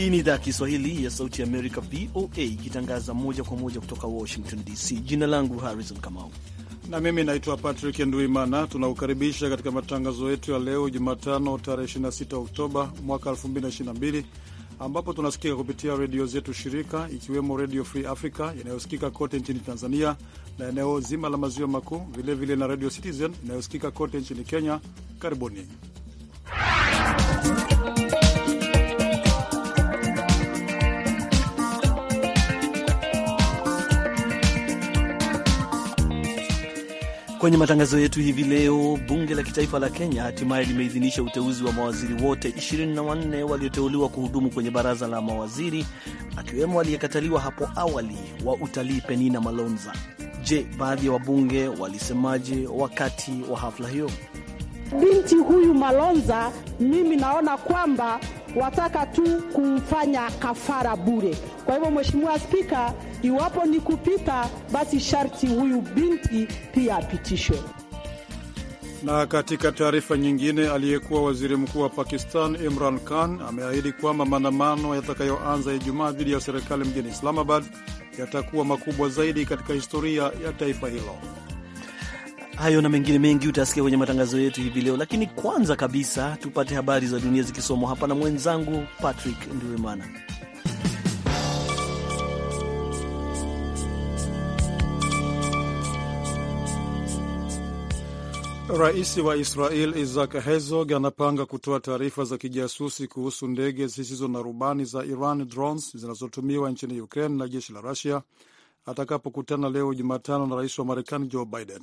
Hii ni idhaa ya Kiswahili ya Sauti ya Amerika, VOA, ikitangaza moja kwa moja kutoka Washington DC. Jina langu Harrison Kamau na mimi naitwa Patrick Nduimana. Tunakukaribisha katika matangazo yetu ya leo Jumatano, tarehe 26 Oktoba mwaka 2022 ambapo tunasikika kupitia redio zetu shirika ikiwemo Redio Free Africa inayosikika kote nchini Tanzania na eneo zima la maziwa makuu, vilevile na Redio Citizen inayosikika kote nchini Kenya. Karibuni Kwenye matangazo yetu hivi leo, bunge la kitaifa la Kenya hatimaye limeidhinisha uteuzi wa mawaziri wote 24 walioteuliwa kuhudumu kwenye baraza la mawaziri, akiwemo aliyekataliwa hapo awali wa utalii Penina Malonza. Je, baadhi ya wabunge walisemaje wakati wa hafla hiyo? binti huyu Malonza, mimi naona kwamba wataka tu kumfanya kafara bure. Kwa hivyo, Mheshimiwa Spika, iwapo ni kupita, basi sharti huyu binti pia apitishwe. Na katika taarifa nyingine, aliyekuwa waziri mkuu wa Pakistan Imran Khan ameahidi kwamba maandamano yatakayoanza Ijumaa dhidi ya serikali mjini Islamabad yatakuwa makubwa zaidi katika historia ya taifa hilo. Hayo na mengine mengi utasikia kwenye matangazo yetu hivi leo, lakini kwanza kabisa tupate habari za dunia zikisomwa hapa na mwenzangu Patrick Nduwimana. Rais wa Israel Isaac Herzog anapanga kutoa taarifa za kijasusi kuhusu ndege zisizo na rubani za Iran drones zinazotumiwa nchini Ukraine na jeshi la Rusia atakapokutana leo Jumatano na rais wa Marekani Joe Biden.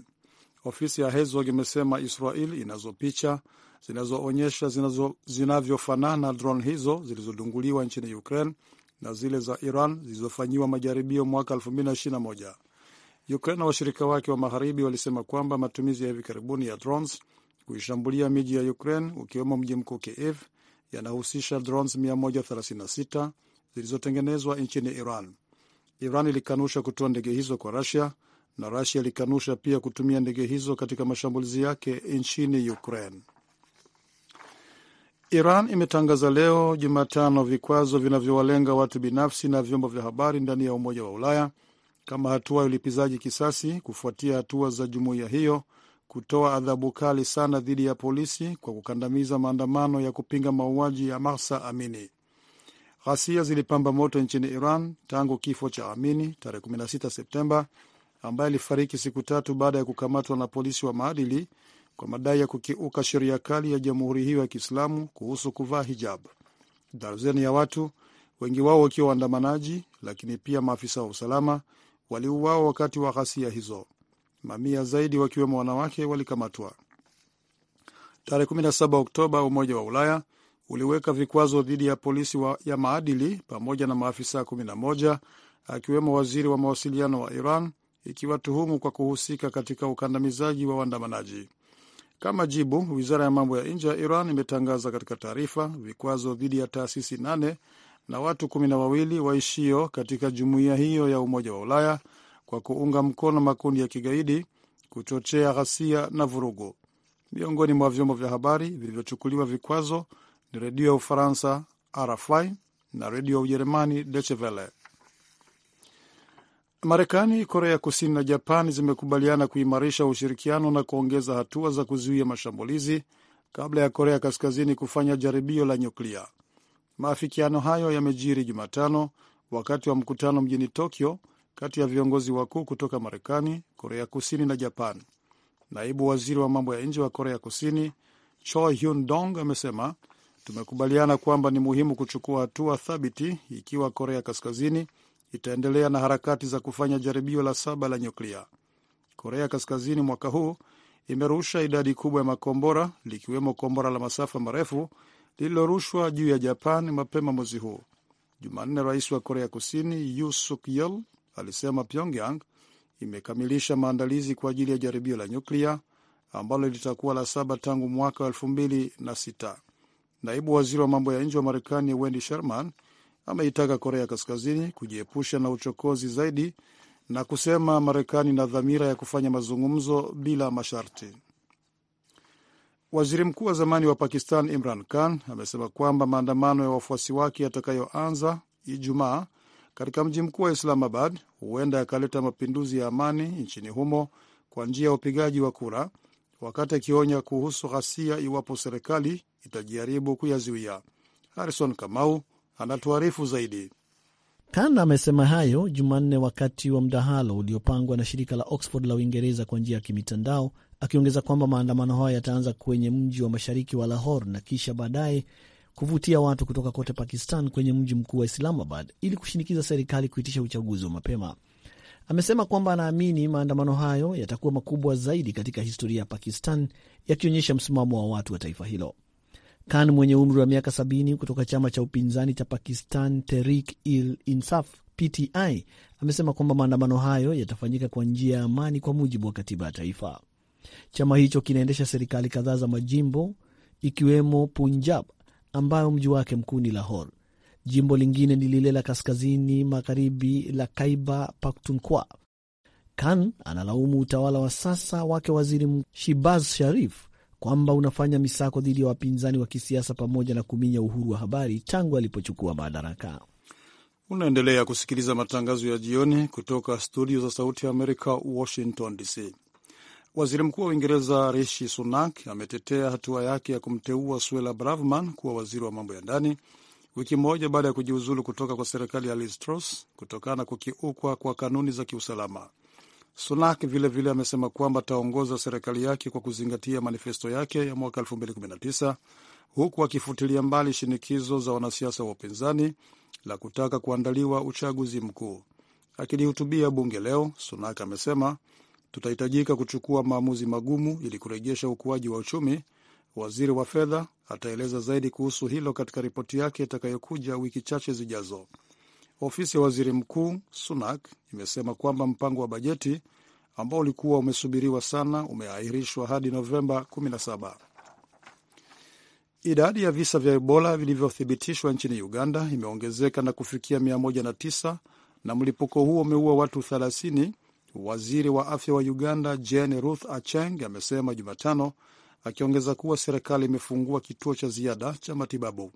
Ofisi ya Herzog imesema Israel inazo picha zinazoonyesha zinavyofanana drone hizo zilizodunguliwa nchini Ukraine na zile za Iran zilizofanyiwa majaribio mwaka 2021. Ukraine na washirika wake wa magharibi walisema kwamba matumizi ya hivi karibuni ya drones kuishambulia miji ya Ukraine ukiwemo mji mkuu Kiev yanahusisha drones 136 zilizotengenezwa nchini Iran. Iran ilikanusha kutoa ndege hizo kwa Rusia na Russia ilikanusha pia kutumia ndege hizo katika mashambulizi yake nchini Ukraine. Iran imetangaza leo Jumatano vikwazo vinavyowalenga watu binafsi na vyombo vya habari ndani ya Umoja wa Ulaya kama hatua ya ulipizaji kisasi kufuatia hatua za jumuiya hiyo kutoa adhabu kali sana dhidi ya polisi kwa kukandamiza maandamano ya kupinga mauaji ya Mahsa Amini. Ghasia zilipamba moto nchini Iran tangu kifo cha Amini tarehe 16 Septemba ambaye alifariki siku tatu baada ya kukamatwa na polisi wa maadili kwa madai ya kukiuka sheria kali ya jamhuri hiyo ya Kiislamu kuhusu kuvaa hijab. Darzeni ya watu, wengi wao wakiwa waandamanaji, lakini pia maafisa wa usalama, waliuawa wakati wa ghasia hizo. Mamia zaidi, wakiwemo wanawake, walikamatwa. Tarehe 17 Oktoba, Umoja wa Ulaya uliweka vikwazo dhidi ya polisi wa ya maadili pamoja na maafisa 11 akiwemo waziri wa mawasiliano wa Iran ikiwatuhumu kwa kuhusika katika ukandamizaji wa waandamanaji. Kama jibu, wizara ya mambo ya nje ya Iran imetangaza katika taarifa vikwazo dhidi ya taasisi nane na watu kumi na wawili waishio katika jumuiya hiyo ya Umoja wa Ulaya kwa kuunga mkono makundi ya kigaidi, kuchochea ghasia na vurugu. Miongoni mwa vyombo vya habari vilivyochukuliwa vikwazo ni redio ya Ufaransa RFI na redio ya Ujerumani Deutsche Welle. Marekani, Korea Kusini na Japan zimekubaliana kuimarisha ushirikiano na kuongeza hatua za kuzuia mashambulizi kabla ya Korea Kaskazini kufanya jaribio la nyuklia. Maafikiano hayo yamejiri Jumatano wakati wa mkutano mjini Tokyo kati ya viongozi wakuu kutoka Marekani, Korea Kusini na Japan. Naibu waziri wa mambo ya nje wa Korea Kusini Cho Hyun Dong amesema tumekubaliana kwamba ni muhimu kuchukua hatua thabiti ikiwa Korea Kaskazini itaendelea na harakati za kufanya jaribio la saba la nyuklia. Korea Kaskazini mwaka huu imerusha idadi kubwa ya makombora likiwemo kombora la masafa marefu lililorushwa juu ya Japan mapema mwezi huu. Jumanne, rais wa Korea Kusini Yu Suk Yeol alisema Pyongyang imekamilisha maandalizi kwa ajili ya jaribio la nyuklia ambalo litakuwa la saba tangu mwaka wa elfu mbili na sita. Naibu waziri wa mambo ya nje wa Marekani Wendy Sherman ameitaka Korea Kaskazini kujiepusha na uchokozi zaidi na kusema Marekani ina dhamira ya kufanya mazungumzo bila masharti. Waziri mkuu wa zamani wa Pakistan Imran Khan amesema kwamba maandamano ya wafuasi wake yatakayoanza Ijumaa katika mji mkuu wa Islamabad huenda yakaleta mapinduzi ya amani nchini humo kwa njia ya upigaji wa kura, wakati akionya kuhusu ghasia iwapo serikali itajaribu kuyazuia. Harrison Kamau anatuarifu zaidi. kana amesema hayo Jumanne wakati wa mdahalo uliopangwa na shirika la Oxford la Uingereza kwa njia ya kimitandao, akiongeza kwamba maandamano hayo yataanza kwenye mji wa mashariki wa Lahore na kisha baadaye kuvutia watu kutoka kote Pakistan kwenye mji mkuu wa Islamabad ili kushinikiza serikali kuitisha uchaguzi wa mapema. Amesema kwamba anaamini maandamano hayo yatakuwa makubwa zaidi katika historia ya Pakistan, yakionyesha msimamo wa watu wa taifa hilo. Khan mwenye umri wa miaka sabini kutoka chama cha upinzani cha Pakistan Tehreek-e-Insaf PTI amesema kwamba maandamano hayo yatafanyika kwa njia ya amani kwa mujibu wa katiba ya taifa. Chama hicho kinaendesha serikali kadhaa za majimbo ikiwemo Punjab ambayo mji wake mkuu ni Lahore. Jimbo lingine ni lile la kaskazini magharibi la kaiba paktunkwa Khan analaumu utawala wa sasa wake Waziri Shibaz Sharif kwamba unafanya misako dhidi ya wapinzani wa kisiasa pamoja na kuminya uhuru wa habari tangu alipochukua madaraka. Unaendelea kusikiliza matangazo ya jioni kutoka studio za Sauti ya Amerika, Washington DC. Waziri Mkuu wa Uingereza Rishi Sunak ametetea hatua yake ya kumteua Suella Braverman kuwa waziri wa mambo ya ndani wiki moja baada ya kujiuzulu kutoka kwa serikali ya Liz Truss kutokana na kukiukwa kwa kanuni za kiusalama. Sunak vilevile amesema kwamba ataongoza serikali yake kwa kuzingatia manifesto yake ya mwaka 2019 huku akifutilia mbali shinikizo za wanasiasa wa upinzani la kutaka kuandaliwa uchaguzi mkuu. Akilihutubia bunge leo, Sunak amesema tutahitajika kuchukua maamuzi magumu ili kurejesha ukuaji wa uchumi. Waziri wa fedha ataeleza zaidi kuhusu hilo katika ripoti yake itakayokuja wiki chache zijazo. Ofisi ya waziri mkuu Sunak imesema kwamba mpango wa bajeti ambao ulikuwa umesubiriwa sana umeahirishwa hadi Novemba 17. Idadi ya visa vya Ebola vilivyothibitishwa nchini Uganda imeongezeka na kufikia 109 na mlipuko huo umeua watu 30. Waziri wa afya wa Uganda Jane Ruth Acheng amesema Jumatano, akiongeza kuwa serikali imefungua kituo cha ziada cha matibabu.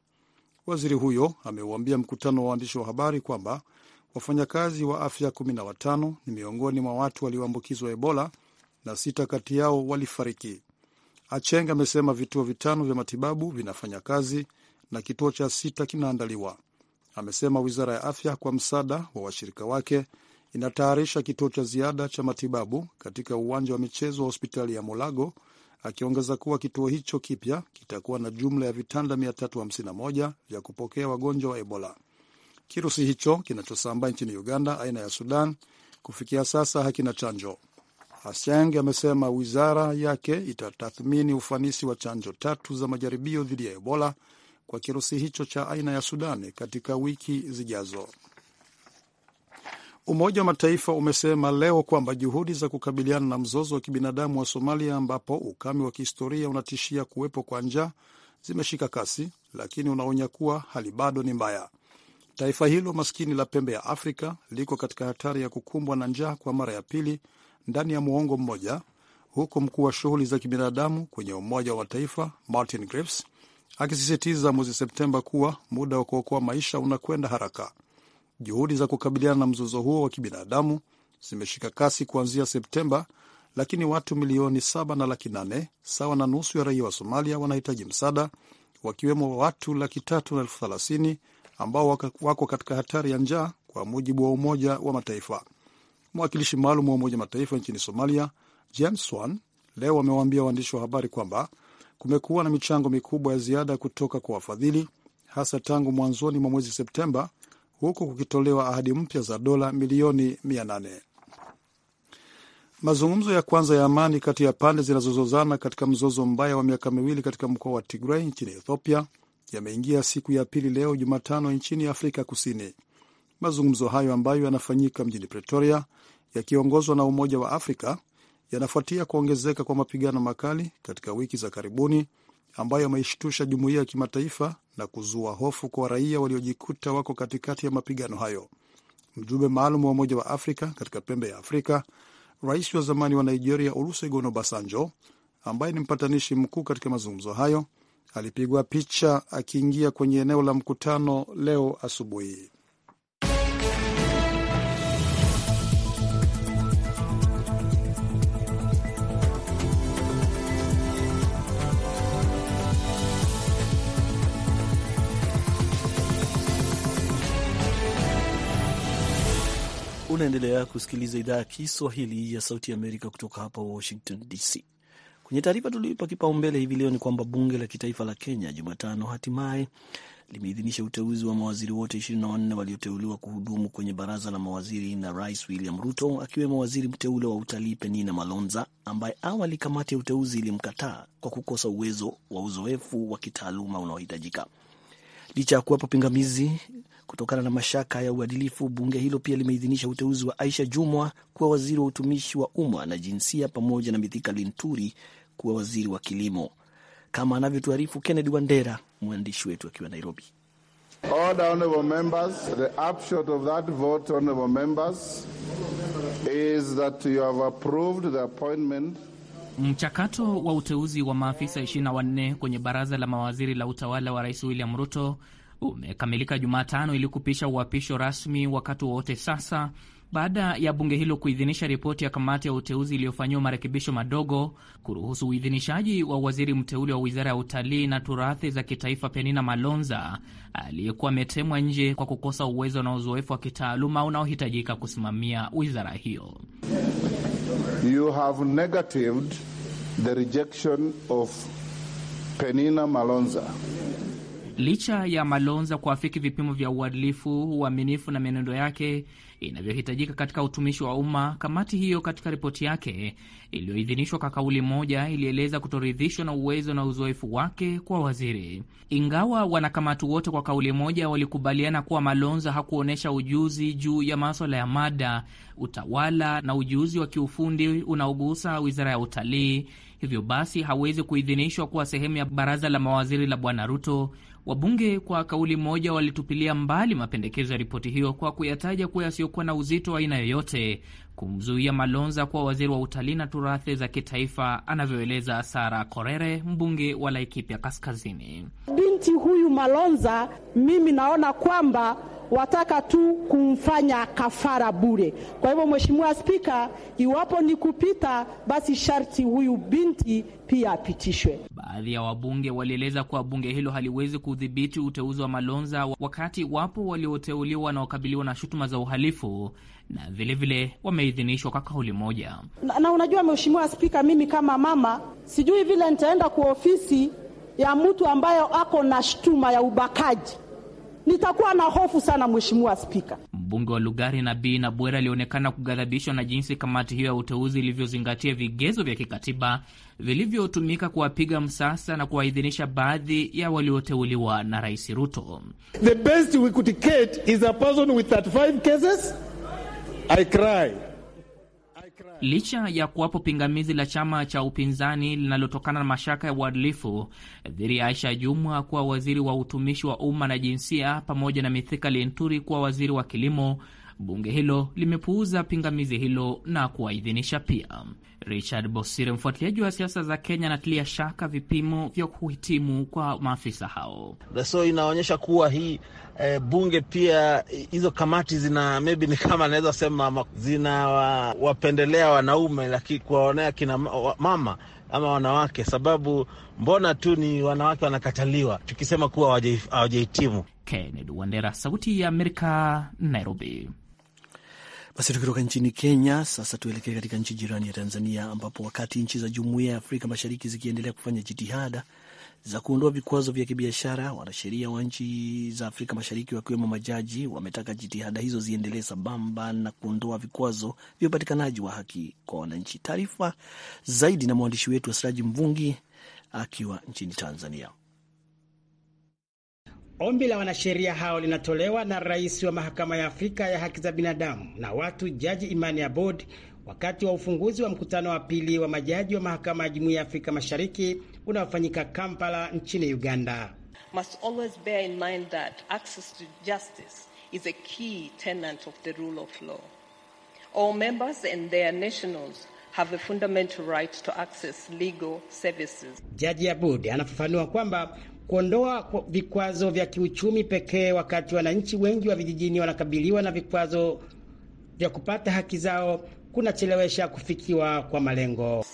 Waziri huyo ameuambia mkutano wa waandishi wa habari kwamba wafanyakazi wa afya 15 ni miongoni mwa watu walioambukizwa Ebola na sita kati yao walifariki. Acheng amesema vituo vitano vya matibabu vinafanya kazi na kituo cha sita kinaandaliwa. Amesema wizara ya afya kwa msaada wa washirika wake inatayarisha kituo cha ziada cha matibabu katika uwanja wa michezo wa hospitali ya Mulago akiongeza kuwa kituo hicho kipya kitakuwa na jumla ya vitanda 351 vya kupokea wagonjwa wa Ebola. Kirusi hicho kinachosambaa nchini Uganda aina ya Sudan kufikia sasa hakina chanjo. Asyang amesema wizara yake itatathmini ufanisi wa chanjo tatu za majaribio dhidi ya Ebola kwa kirusi hicho cha aina ya Sudan katika wiki zijazo. Umoja wa Mataifa umesema leo kwamba juhudi za kukabiliana na mzozo wa kibinadamu wa Somalia, ambapo ukame wa kihistoria unatishia kuwepo kwa njaa, zimeshika kasi, lakini unaonya kuwa hali bado ni mbaya. Taifa hilo maskini la pembe ya Afrika liko katika hatari ya kukumbwa na njaa kwa mara ya pili ndani ya muongo mmoja, huku mkuu wa shughuli za kibinadamu kwenye Umoja wa Mataifa Martin Griffiths akisisitiza mwezi Septemba kuwa muda wa kuokoa maisha unakwenda haraka juhudi za kukabiliana na mzozo huo wa kibinadamu zimeshika kasi kuanzia Septemba, lakini watu milioni saba na laki nane sawa na nusu ya raia wa Somalia wanahitaji msaada, wakiwemo watu laki tatu na elfu thelathini ambao wako katika hatari ya njaa, kwa mujibu wa Umoja wa Mataifa. Mwakilishi maalum wa Umoja Mataifa nchini Somalia James Swan leo amewaambia waandishi wa habari kwamba kumekuwa na michango mikubwa ya ziada kutoka kwa wafadhili, hasa tangu mwanzoni mwa mwezi Septemba huku kukitolewa ahadi mpya za dola milioni nane. Mazungumzo ya kwanza ya amani kati ya pande zinazozozana katika mzozo mbaya wa miaka miwili katika mkoa wa tigrei nchini Ethiopia yameingia siku ya pili leo Jumatano nchini Afrika Kusini. Mazungumzo hayo ambayo yanafanyika mjini Pretoria yakiongozwa na Umoja wa Afrika yanafuatia kuongezeka kwa mapigano makali katika wiki za karibuni ambayo yameishtusha jumuiya ya kimataifa na kuzua hofu kwa raia waliojikuta wako katikati ya mapigano hayo. Mjumbe maalum wa Umoja wa Afrika katika pembe ya Afrika, rais wa zamani wa Nigeria Olusegun Obasanjo, ambaye ni mpatanishi mkuu katika mazungumzo hayo, alipigwa picha akiingia kwenye eneo la mkutano leo asubuhi. Unaendelea kusikiliza idhaa ya Kiswahili ya Sauti ya Amerika kutoka hapa Washington DC. Kwenye taarifa tulioipa kipaumbele hivi leo ni kwamba bunge la kitaifa la Kenya Jumatano hatimaye limeidhinisha uteuzi wa mawaziri wote 24 walioteuliwa kuhudumu kwenye baraza la mawaziri na Rais William Ruto, akiwemo waziri mteule wa utalii Penina Malonza, ambaye awali kamati ya uteuzi ilimkataa kwa kukosa uwezo wa uzoefu wa kitaaluma unaohitajika. Licha ya kuwepo pingamizi Kutokana na mashaka ya uadilifu, bunge hilo pia limeidhinisha uteuzi wa Aisha Jumwa kuwa waziri wa utumishi wa umma na jinsia, pamoja na Mithika Linturi kuwa waziri wa kilimo, kama anavyotuarifu Kennedy Wandera, mwandishi wetu akiwa Nairobi. Mchakato wa uteuzi wa maafisa 24 kwenye baraza la mawaziri la utawala wa Rais William Ruto umekamilika Jumatano ili kupisha uapisho rasmi wakati wowote sasa baada ya bunge hilo kuidhinisha ripoti ya kamati ya uteuzi iliyofanyiwa marekebisho madogo kuruhusu uidhinishaji wa waziri mteule wa wizara ya utalii na turathi za kitaifa Penina Malonza aliyekuwa ametemwa nje kwa kukosa uwezo na uzoefu wa kitaaluma unaohitajika kusimamia wizara hiyo. You have negatived the rejection of Penina Malonza. Licha ya Malonza kuafiki vipimo vya uadilifu, uaminifu na mienendo yake, inavyohitajika katika utumishi wa umma. Kamati hiyo katika ripoti yake iliyoidhinishwa kwa kauli moja ilieleza kutoridhishwa na uwezo na uzoefu wake kwa waziri. Ingawa wanakamati wote kwa kauli moja walikubaliana kuwa Malonza hakuonyesha ujuzi juu ya maswala ya mada, utawala na ujuzi wa kiufundi unaogusa wizara ya utalii, hivyo basi hawezi kuidhinishwa kuwa sehemu ya baraza la mawaziri la Bwana Ruto. Wabunge kwa kauli moja walitupilia mbali mapendekezo ya ripoti hiyo kwa kuyataja kuwa yasiyo isiyokuwa na uzito wa aina yoyote kumzuia Malonza kuwa waziri wa utalii na turathi za kitaifa, anavyoeleza Sara Korere, mbunge wa Laikipia Kaskazini. Binti huyu Malonza, mimi naona kwamba wataka tu kumfanya kafara bure. Kwa hivyo, Mheshimiwa Spika, iwapo ni kupita, basi sharti huyu binti pia apitishwe. Baadhi ya wabunge walieleza kuwa bunge hilo haliwezi kudhibiti uteuzi wa Malonza, wakati wapo walioteuliwa na wakabiliwa na shutuma za uhalifu na vilevile wameidhinishwa kwa kauli moja. Na, na unajua Mheshimiwa Spika, mimi kama mama sijui vile nitaenda kwa ofisi ya mtu ambayo ako na shutuma ya ubakaji nitakuwa na hofu sana, Mheshimiwa Spika. Mbunge wa Lugari Nabii Bwera alionekana kughadhabishwa na jinsi kamati hiyo ya uteuzi ilivyozingatia vigezo vya kikatiba vilivyotumika kuwapiga msasa na kuwaidhinisha baadhi ya walioteuliwa na Rais Ruto. The best we could get is a person with 35 cases. I cry. Licha ya kuwapo pingamizi la chama cha upinzani linalotokana na mashaka ya uadilifu dhidi ya Aisha Jumwa kuwa waziri wa utumishi wa umma na jinsia, pamoja na Mithika Linturi kuwa waziri wa kilimo, bunge hilo limepuuza pingamizi hilo na kuwaidhinisha pia Richard Bosire, mfuatiliaji wa siasa za Kenya, anatilia shaka vipimo vya kuhitimu kwa maafisa hao. So inaonyesha kuwa hii e, bunge pia hizo kamati zina maybe ni kama anaweza sema zinawapendelea wa, wanaume, lakini kuwaonea kina mama ama wanawake, sababu mbona tu ni wanawake wanakataliwa tukisema kuwa hawajahitimu. Kennedy Wandera, Sauti ya Amerika, Nairobi. Basi tukitoka nchini Kenya sasa tuelekee katika nchi jirani ya Tanzania, ambapo wakati nchi za Jumuiya ya Afrika Mashariki zikiendelea kufanya jitihada za kuondoa vikwazo vya kibiashara, wanasheria wa nchi za Afrika Mashariki wakiwemo majaji wametaka jitihada hizo ziendelee sambamba na kuondoa vikwazo vya upatikanaji wa haki kwa wananchi. Taarifa zaidi na mwandishi wetu Asiraji Mvungi akiwa nchini Tanzania. Ombi la wanasheria hao linatolewa na rais wa mahakama ya Afrika ya haki za binadamu na watu Jaji Imani Aboud wakati wa ufunguzi wa mkutano wa pili wa majaji wa mahakama ya jumuiya ya Afrika Mashariki unaofanyika Kampala nchini Uganda. Must always bear in mind that access to justice is a key of the rule of law. All members and their nationals have a fundamental right to access legal services. Jaji Abud anafafanua kwamba kuondoa vikwazo vya kiuchumi pekee, wakati wananchi wengi wa vijijini wanakabiliwa na vikwazo vya kupata haki zao, kunachelewesha kufikiwa kwa malengo.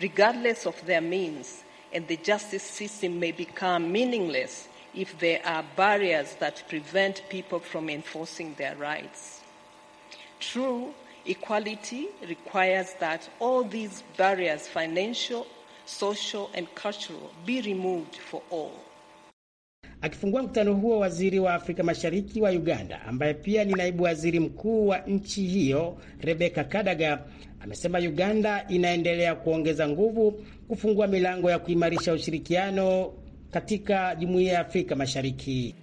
Regardless of their means and the justice system may become meaningless if there are barriers that prevent people from enforcing their rights. True equality requires that all these barriers, financial, social and cultural, be removed for all. Akifungua mkutano huo, waziri wa Afrika Mashariki wa Uganda ambaye pia ni naibu waziri mkuu wa nchi hiyo Rebecca Kadaga amesema Uganda inaendelea kuongeza nguvu kufungua milango ya kuimarisha ushirikiano katika jumuiya ya Afrika Mashariki.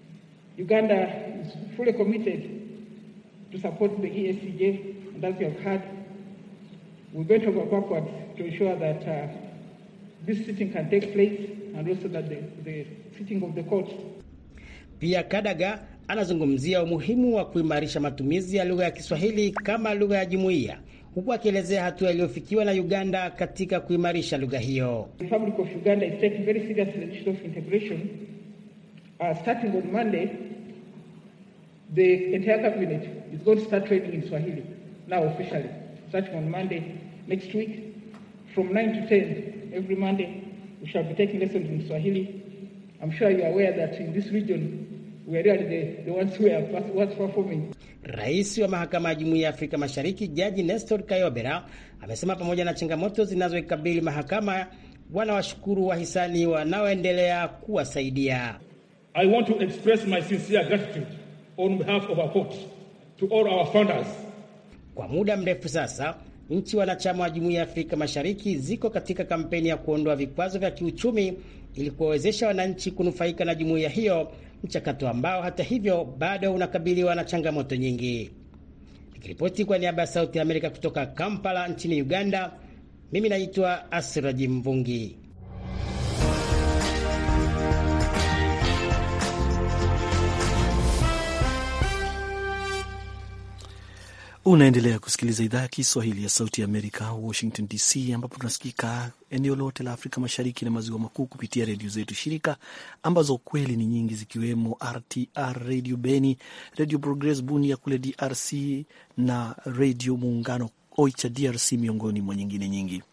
Uganda is fully committed to support the ESCJ and as you have heard we're going to go backwards to ensure that uh, this sitting can take place and also that the, the of the Pia Kadaga anazungumzia umuhimu wa kuimarisha matumizi ya lugha ya Kiswahili kama lugha ya jumuiya huku akielezea hatua iliyofikiwa na Uganda katika kuimarisha lugha hiyo. Now officially, starting on Monday next week from 9 to 10 every Monday we shall be taking lessons in Swahili. I'm sure you are aware that in this region we are really the, the ones who are what's performing. Rais wa mahakama ya Jumuiya ya Afrika Mashariki Jaji Nestor Kayobera amesema pamoja na changamoto zinazoikabili mahakama wanawashukuru wahisani wanaoendelea kuwasaidia. I want to express my sincere gratitude on behalf of our court to all our funders. Kwa muda mrefu sasa Nchi wanachama wa Jumuiya ya Afrika Mashariki ziko katika kampeni ya kuondoa vikwazo vya kiuchumi ili kuwawezesha wananchi kunufaika na jumuiya hiyo, mchakato ambao hata hivyo bado unakabiliwa na changamoto nyingi. Nikiripoti kwa niaba ya Sauti ya Amerika kutoka Kampala nchini Uganda, mimi naitwa Asiraji Mvungi. Unaendelea kusikiliza idhaa ya Kiswahili ya Sauti ya Amerika, Washington DC, ambapo tunasikika eneo lote la Afrika Mashariki na Maziwa Makuu kupitia redio zetu shirika ambazo kweli ni nyingi, zikiwemo RTR Radio Beni, Radio Progress ya kule DRC na Redio Muungano Oicha DRC, miongoni mwa nyingine nyingi.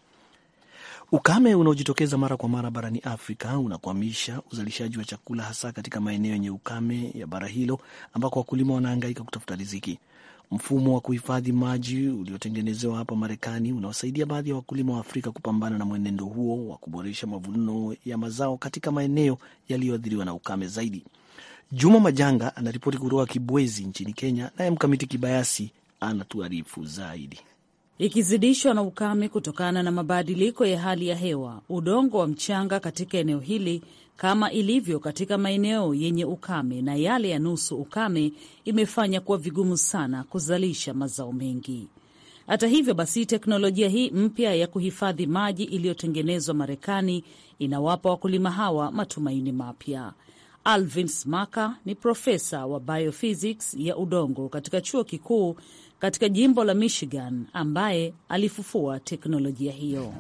Ukame unaojitokeza mara kwa mara barani Afrika unakwamisha uzalishaji wa chakula, hasa katika maeneo yenye ukame ya bara hilo ambako wakulima wanaangaika kutafuta riziki mfumo wa kuhifadhi maji uliotengenezewa hapa Marekani unawasaidia baadhi ya wakulima wa Afrika kupambana na mwenendo huo wa kuboresha mavuno ya mazao katika maeneo yaliyoathiriwa na ukame zaidi. Juma Majanga anaripoti kutoka Kibwezi nchini Kenya, naye Mkamiti Kibayasi anatuarifu zaidi. Ikizidishwa na ukame kutokana na mabadiliko ya hali ya hewa, udongo wa mchanga katika eneo hili kama ilivyo katika maeneo yenye ukame na yale ya nusu ukame, imefanya kuwa vigumu sana kuzalisha mazao mengi. Hata hivyo basi, teknolojia hii mpya ya kuhifadhi maji iliyotengenezwa Marekani inawapa wakulima hawa matumaini mapya. Alvin Smaka ni profesa wa biophysics ya udongo katika chuo kikuu katika jimbo la Michigan ambaye alifufua teknolojia hiyo.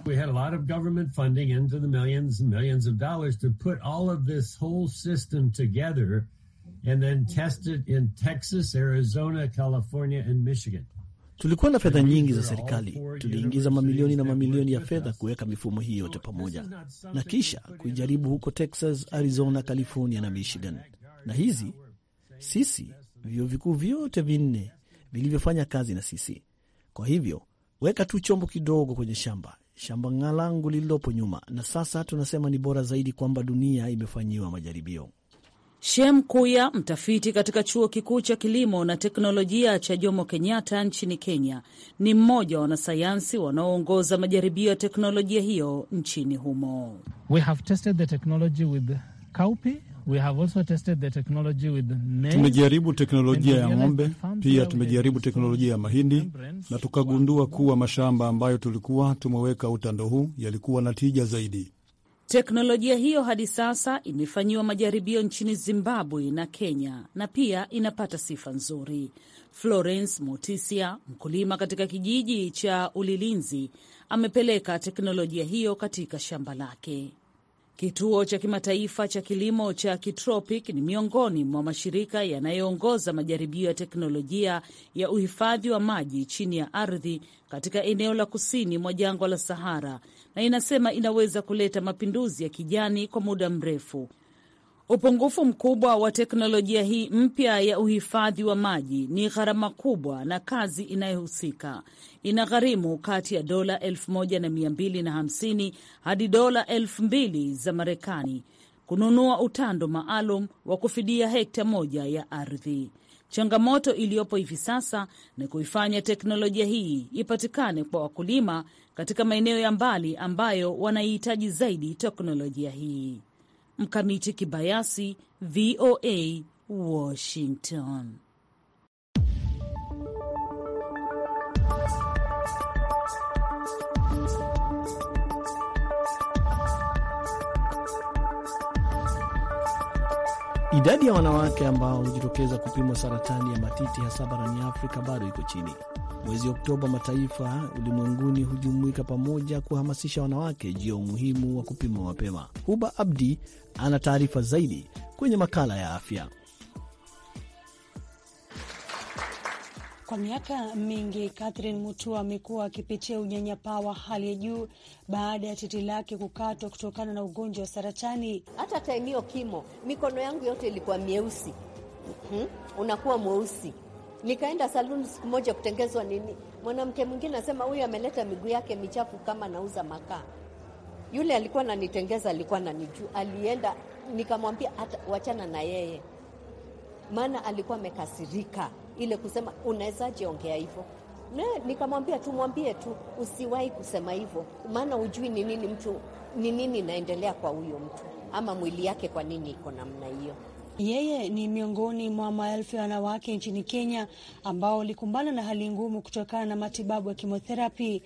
Tulikuwa na fedha nyingi za serikali, tuliingiza mamilioni na mamilioni ya fedha kuweka mifumo hii yote pamoja, na kisha kuijaribu huko Texas, Arizona, California na Michigan. Na hizi sisi vyuo vikuu vyote vinne vilivyofanya kazi na sisi. Kwa hivyo weka tu chombo kidogo kwenye shamba shamba ngalangu lililopo nyuma, na sasa tunasema ni bora zaidi kwamba dunia imefanyiwa majaribio. Shem Kuya, mtafiti katika chuo kikuu cha kilimo na teknolojia cha Jomo Kenyatta nchini Kenya, ni mmoja wa wanasayansi wanaoongoza majaribio ya teknolojia hiyo nchini humo. We have tested the technology with cowpea Tumejaribu teknolojia ya ng'ombe, pia tumejaribu teknolojia ya mahindi, na tukagundua kuwa mashamba ambayo tulikuwa tumeweka utando huu yalikuwa na tija zaidi. Teknolojia hiyo hadi sasa imefanyiwa majaribio nchini Zimbabwe na Kenya na pia inapata sifa nzuri. Florence Mutisia, mkulima katika kijiji cha Ulilinzi, amepeleka teknolojia hiyo katika shamba lake. Kituo cha kimataifa cha kilimo cha Kitropic ni miongoni mwa mashirika yanayoongoza majaribio ya teknolojia ya uhifadhi wa maji chini ya ardhi katika eneo la kusini mwa jangwa la Sahara, na inasema inaweza kuleta mapinduzi ya kijani kwa muda mrefu. Upungufu mkubwa wa teknolojia hii mpya ya uhifadhi wa maji ni gharama kubwa, na kazi inayohusika inagharimu kati ya dola 1250 hadi dola 2000 za Marekani kununua utando maalum wa kufidia hekta moja ya ardhi. Changamoto iliyopo hivi sasa ni kuifanya teknolojia hii ipatikane kwa wakulima katika maeneo ya mbali ambayo wanaihitaji zaidi teknolojia hii. Mkamiti Kibayasi, VOA Washington. Idadi ya wanawake ambao hujitokeza kupimwa saratani ya matiti hasa barani Afrika bado iko chini. Mwezi Oktoba, mataifa ulimwenguni hujumuika pamoja kuhamasisha wanawake juu ya umuhimu wa kupima mapema. Huba Abdi ana taarifa zaidi kwenye makala ya afya. Kwa miaka mingi Catherine Mutua amekuwa akipitia unyanyapaa wa hali ya juu baada ya titi lake kukatwa kutokana na ugonjwa wa saratani. Hata taimio kimo, mikono yangu yote ilikuwa mieusi. hmm Unakuwa mweusi Nikaenda saluni siku moja kutengezwa nini, mwanamke mwingine anasema huyu ameleta miguu yake michafu kama nauza makaa. Yule alikuwa ananitengeza alikuwa ananijua, alienda nikamwambia hata wachana na yeye, maana alikuwa amekasirika ile kusema unawezaje ongea hivyo. Nikamwambia tumwambie tu usiwahi kusema hivyo, maana hujui ni nini mtu ni nini inaendelea kwa huyo mtu ama mwili yake, kwa nini iko namna hiyo. Yeye ni miongoni mwa maelfu ya wanawake nchini Kenya ambao walikumbana na hali ngumu kutokana na matibabu ya kimotherapi.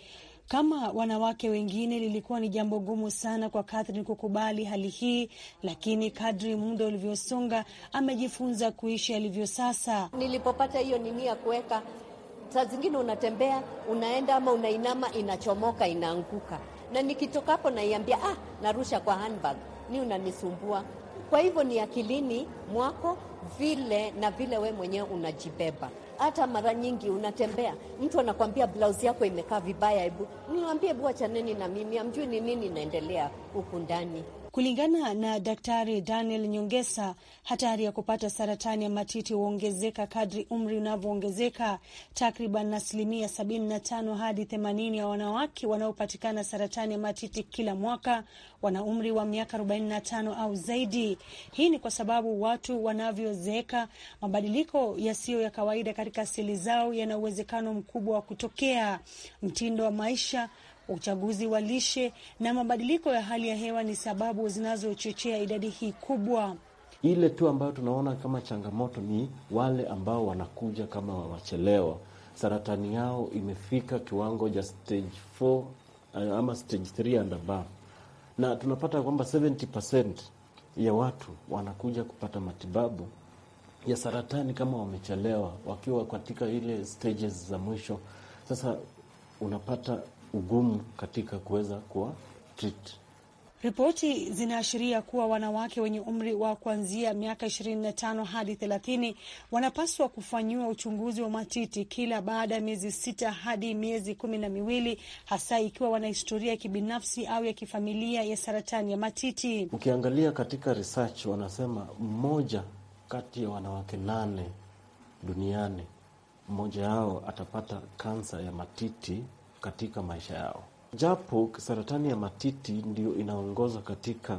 Kama wanawake wengine, lilikuwa ni jambo gumu sana kwa Catherine kukubali hali hii, lakini kadri muda ulivyosonga, amejifunza kuishi alivyo sasa. Nilipopata hiyo nini ya kuweka, saa zingine unatembea unaenda, ama unainama, inachomoka, inaanguka, na nikitoka hapo naiambia, ah, narusha kwa handbag, ni unanisumbua kwa hivyo ni akilini mwako vile na vile we mwenyewe unajibeba. Hata mara nyingi unatembea, mtu anakwambia blausi yako imekaa vibaya, hebu niwambie, hebu chaneni na mimi, amjui ni nini inaendelea huku ndani. Kulingana na Daktari Daniel Nyongesa, hatari ya kupata saratani ya matiti huongezeka kadri umri unavyoongezeka. Takriban asilimia 75 hadi 80 ya wanawake wanaopatikana saratani ya matiti kila mwaka wana umri wa miaka 45 au zaidi. Hii ni kwa sababu watu wanavyozeeka, mabadiliko yasiyo ya kawaida katika asili zao yana uwezekano mkubwa wa kutokea. Mtindo wa maisha uchaguzi wa lishe na mabadiliko ya hali ya hewa ni sababu zinazochochea idadi hii kubwa. Ile tu ambayo tunaona kama changamoto ni wale ambao wanakuja kama wawachelewa saratani yao imefika kiwango cha stage 4 eh, ama stage 3 and above, na tunapata kwamba 70% ya watu wanakuja kupata matibabu ya saratani kama wamechelewa, wakiwa katika ile stages za mwisho. Sasa unapata ugumu katika kuweza kuwa treat. Ripoti zinaashiria kuwa wanawake wenye umri wa kuanzia miaka 25 hadi 30 wanapaswa kufanyiwa uchunguzi wa matiti kila baada ya miezi sita hadi miezi kumi na miwili, hasa ikiwa wana historia ya kibinafsi au ya kifamilia ya saratani ya matiti. Ukiangalia katika research, wanasema mmoja kati ya wanawake nane duniani, mmoja yao atapata kansa ya matiti katika maisha yao, japo saratani ya matiti ndio inaongoza katika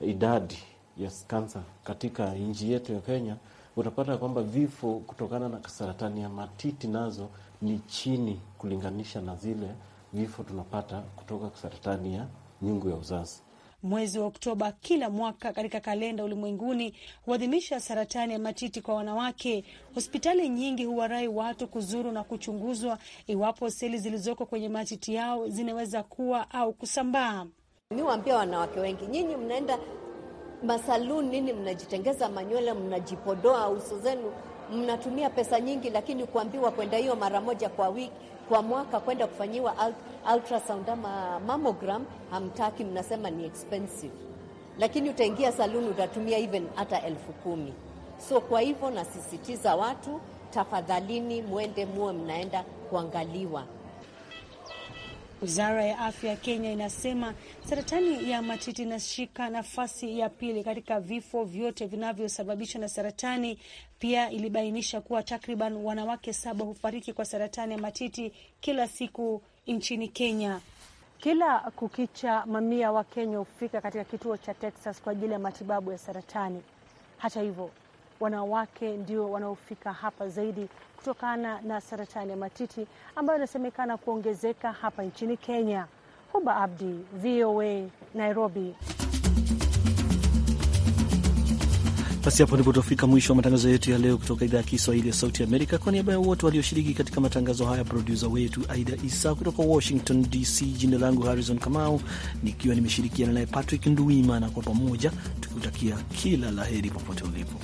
idadi ya yes, kansa katika nchi yetu ya Kenya. Utapata kwamba vifo kutokana na saratani ya matiti nazo ni chini kulinganisha na zile vifo tunapata kutoka saratani ya nyungu ya uzazi. Mwezi wa Oktoba kila mwaka katika kalenda ulimwenguni huadhimisha saratani ya matiti kwa wanawake. Hospitali nyingi huwarai watu kuzuru na kuchunguzwa iwapo seli zilizoko kwenye matiti yao zinaweza kuwa au kusambaa. Mi waambia wanawake wengi, nyinyi mnaenda masaluni nini, mnajitengeza manywele, mnajipodoa uso zenu, mnatumia pesa nyingi, lakini kuambiwa kwenda hiyo mara moja kwa wiki kwa mwaka kwenda kufanyiwa ultrasound ama mammogram hamtaki, mnasema ni expensive, lakini utaingia saluni utatumia even hata elfu kumi. So kwa hivyo nasisitiza watu, tafadhalini mwende muwe mnaenda kuangaliwa. Wizara ya afya ya Kenya inasema saratani ya matiti inashika nafasi ya pili katika vifo vyote vinavyosababishwa na saratani. Pia ilibainisha kuwa takriban wanawake saba hufariki kwa saratani ya matiti kila siku nchini Kenya. Kila kukicha, mamia wa Kenya hufika katika kituo cha Texas kwa ajili ya matibabu ya saratani. Hata hivyo, wanawake ndio wanaofika hapa zaidi kutokana na saratani ya matiti ambayo inasemekana kuongezeka hapa nchini Kenya. Huba Abdi, VOA Nairobi. Basi hapo ndipo tunafika mwisho wa matangazo yetu ya leo kutoka idhaa ya Kiswahili ya Sauti Amerika. Kwa niaba ya wote walioshiriki katika matangazo haya, produsa wetu Aida Isa kutoka Washington DC, jina langu Harrison Kamau nikiwa nimeshirikiana naye Patrick Nduimana, kwa pamoja tukiutakia kila la heri popote ulipo.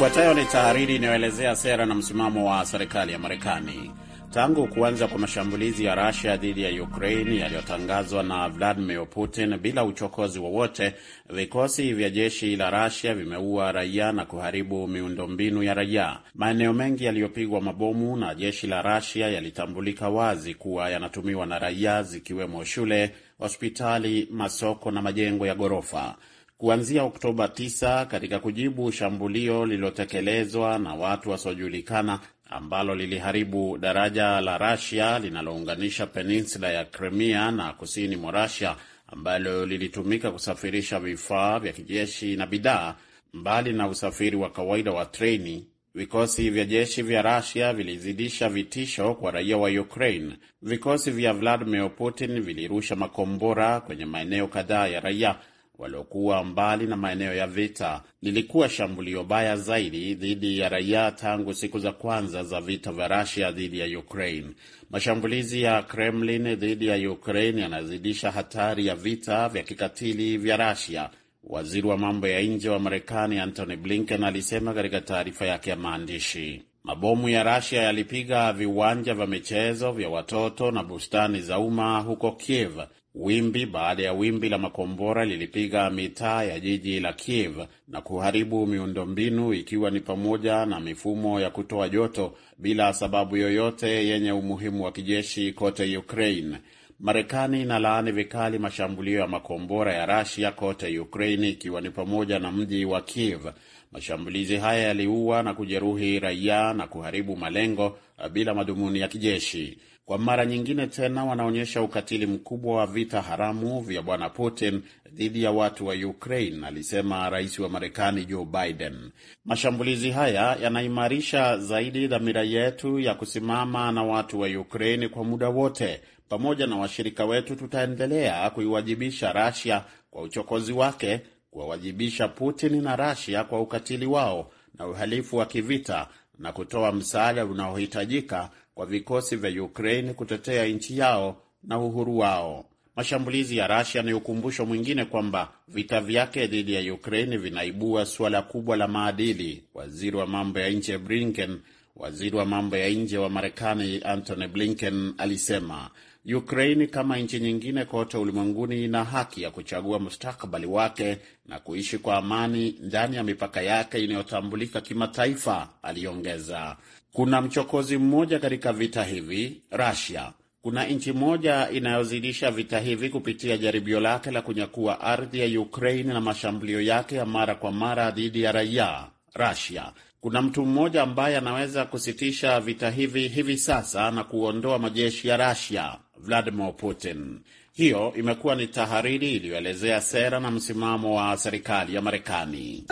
Ifuatayo ni tahariri inayoelezea sera na msimamo wa serikali ya Marekani. Tangu kuanza kwa mashambulizi ya rasia dhidi ya Ukraine yaliyotangazwa na Vladimir Putin bila uchokozi wowote, vikosi vya jeshi la rasia vimeua raia na kuharibu miundombinu ya raia. Maeneo mengi yaliyopigwa mabomu na jeshi la rasia yalitambulika wazi kuwa yanatumiwa na raia, zikiwemo shule, hospitali, masoko na majengo ya ghorofa kuanzia Oktoba 9 katika kujibu shambulio lililotekelezwa na watu wasiojulikana ambalo liliharibu daraja la Rasia linalounganisha peninsula ya Crimea na kusini mwa Rasia, ambalo lilitumika kusafirisha vifaa vya kijeshi na bidhaa, mbali na usafiri wa kawaida wa treni. Vikosi vya jeshi vya Rasia vilizidisha vitisho kwa raia wa Ukraine. Vikosi vya Vladimir Putin vilirusha makombora kwenye maeneo kadhaa ya raia waliokuwa mbali na maeneo ya vita. Lilikuwa shambulio baya zaidi dhidi ya raia tangu siku za kwanza za vita vya rasia dhidi ya Ukraine. Mashambulizi ya Kremlin dhidi ya Ukraine yanazidisha hatari ya vita vya kikatili vya rasia Waziri wa mambo ya nje wa Marekani Antony Blinken alisema katika taarifa yake ya maandishi, mabomu ya Rasia yalipiga viwanja vya michezo vya watoto na bustani za umma huko Kiev Wimbi baada ya wimbi la makombora lilipiga mitaa ya jiji la Kiev na kuharibu miundombinu ikiwa ni pamoja na mifumo ya kutoa joto bila sababu yoyote yenye umuhimu wa kijeshi kote Ukraine. Marekani inalaani vikali mashambulio ya makombora ya Rasia kote ukrain ikiwa ni pamoja na mji wa Kiev. Mashambulizi haya yaliua na kujeruhi raia na kuharibu malengo eh, bila madhumuni ya kijeshi kwa mara nyingine tena wanaonyesha ukatili mkubwa wa vita haramu vya bwana Putin dhidi ya watu wa Ukraine, alisema rais wa Marekani Joe Biden. Mashambulizi haya yanaimarisha zaidi dhamira yetu ya kusimama na watu wa Ukraine kwa muda wote. Pamoja na washirika wetu, tutaendelea kuiwajibisha Russia kwa uchokozi wake, kuwawajibisha Putin na Russia kwa ukatili wao na uhalifu wa kivita na kutoa msaada unaohitajika kwa vikosi vya Ukraine kutetea nchi yao na uhuru wao. Mashambulizi ya Russia ni ukumbusho mwingine kwamba vita vyake dhidi ya Ukraine vinaibua suala kubwa la maadili. Waziri wa mambo ya nje Blinken, waziri wa mambo ya nje wa Marekani Antony Blinken alisema Ukraine kama nchi nyingine kote ulimwenguni ina haki ya kuchagua mustakabali wake na kuishi kwa amani ndani ya mipaka yake inayotambulika kimataifa, aliongeza. Kuna mchokozi mmoja katika vita hivi, Russia. Kuna nchi moja inayozidisha vita hivi kupitia jaribio lake la kunyakua ardhi ya Ukraine na mashambulio yake ya mara kwa mara dhidi ya raia, Russia. Kuna mtu mmoja ambaye anaweza kusitisha vita hivi hivi sasa na kuondoa majeshi ya Russia, Vladimir Putin. Hiyo imekuwa ni tahariri iliyoelezea sera na msimamo wa serikali ya Marekani.